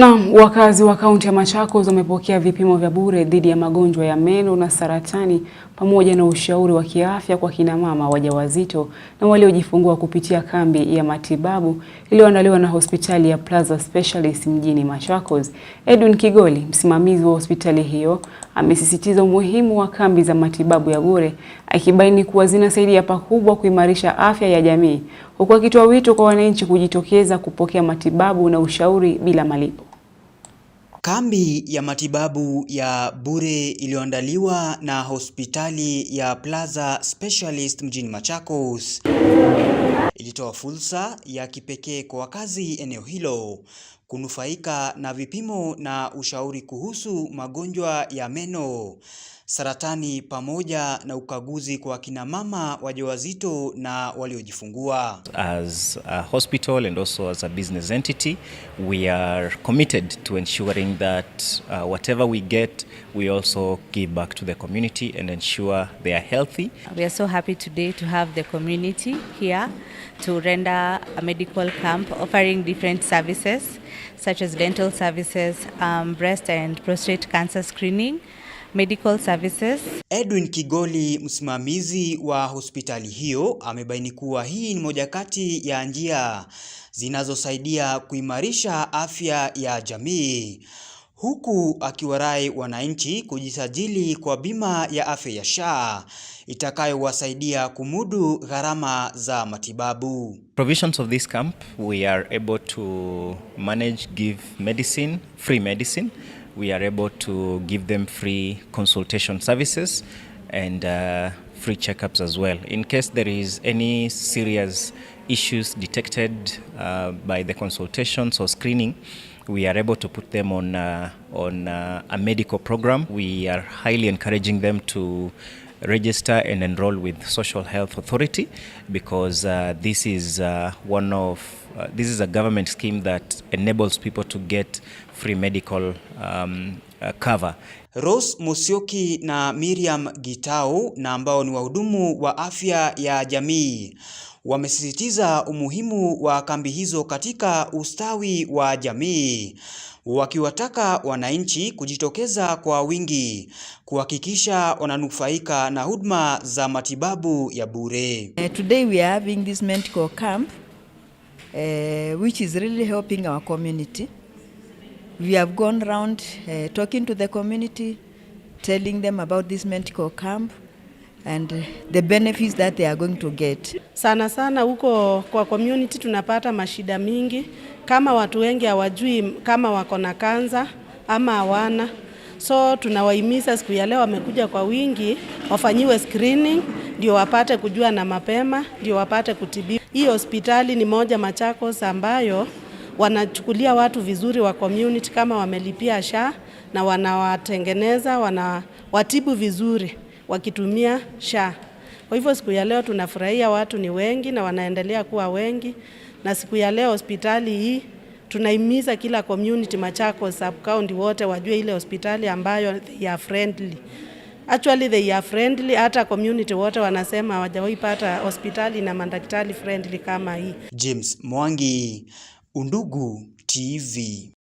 Na wakazi wa kaunti ya Machakos wamepokea vipimo vya bure dhidi ya magonjwa ya meno na saratani pamoja na ushauri wa kiafya kwa kina mama wajawazito na waliojifungua kupitia kambi ya matibabu iliyoandaliwa na hospitali ya Plaza Specialist mjini Machakos. Edwin Kigoli, msimamizi wa hospitali hiyo, amesisitiza umuhimu wa kambi za matibabu ya bure akibaini kuwa zinasaidia pakubwa kuimarisha afya ya jamii, huku akitoa wito kwa wananchi kujitokeza kupokea matibabu na ushauri bila malipo. Kambi ya matibabu ya bure iliyoandaliwa na hospitali ya Plaza Specialist mjini Machakos ilitoa fursa ya kipekee kwa wakazi eneo hilo kunufaika na vipimo na ushauri kuhusu magonjwa ya meno, saratani pamoja na ukaguzi kwa kina mama wajawazito na waliojifungua. As a hospital and also as a business entity, we are committed to ensuring that uh, whatever we get, we also give back to the community and ensure they are healthy. We are so happy today to have the community here to render a medical camp offering different services such as dental services, um, breast and prostate cancer screening, medical services. Edwin Kigoli, msimamizi wa hospitali hiyo, amebaini kuwa hii ni moja kati ya njia zinazosaidia kuimarisha afya ya jamii huku akiwarai wananchi kujisajili kwa bima ya afya ya SHA itakayowasaidia kumudu gharama za matibabu. Provisions of this camp we are able to manage give medicine, free medicine. We are able to give them free consultation services and uh, free checkups as well in case there is any serious issues detected uh, by the consultations or screening we are able to put them on, uh, on uh, a medical program. We are highly encouraging them to register and enroll with Social Health Authority because uh, this is uh, one of uh, this is a government scheme that enables people to get free medical um, uh, cover. Rose Musyoki na Miriam Gitau na ambao ni wahudumu wa afya ya jamii wamesisitiza umuhimu wa kambi hizo katika ustawi wa jamii, wakiwataka wananchi kujitokeza kwa wingi kuhakikisha wananufaika na huduma za matibabu ya bure. Eh, today we are having this medical camp uh, which is really helping our community. We have gone around uh, eh, talking to the community, telling them about this medical camp and eh, the benefits that they are going to get. Sana sana huko kwa community tunapata mashida mingi, kama watu wengi hawajui kama wako na kansa ama hawana. So tunawahimiza siku ya leo wamekuja kwa wingi, wafanyiwe screening ndio wapate kujua na mapema ndio wapate kutibiwa. Hii hospitali ni moja Machakos ambayo wanachukulia watu vizuri wa community kama wamelipia SHA na wanawatengeneza, wanawatibu vizuri wakitumia SHA. Kwa hivyo siku ya leo tunafurahia watu ni wengi na wanaendelea kuwa wengi, na siku ya leo hospitali hii tunahimiza kila community Machakos sub county wote wajue ile hospitali ambayo ya friendly Actually they are friendly, hata community wote wanasema hawajawahi pata hospitali na madaktari friendly kama hii. James Mwangi, Undugu TV.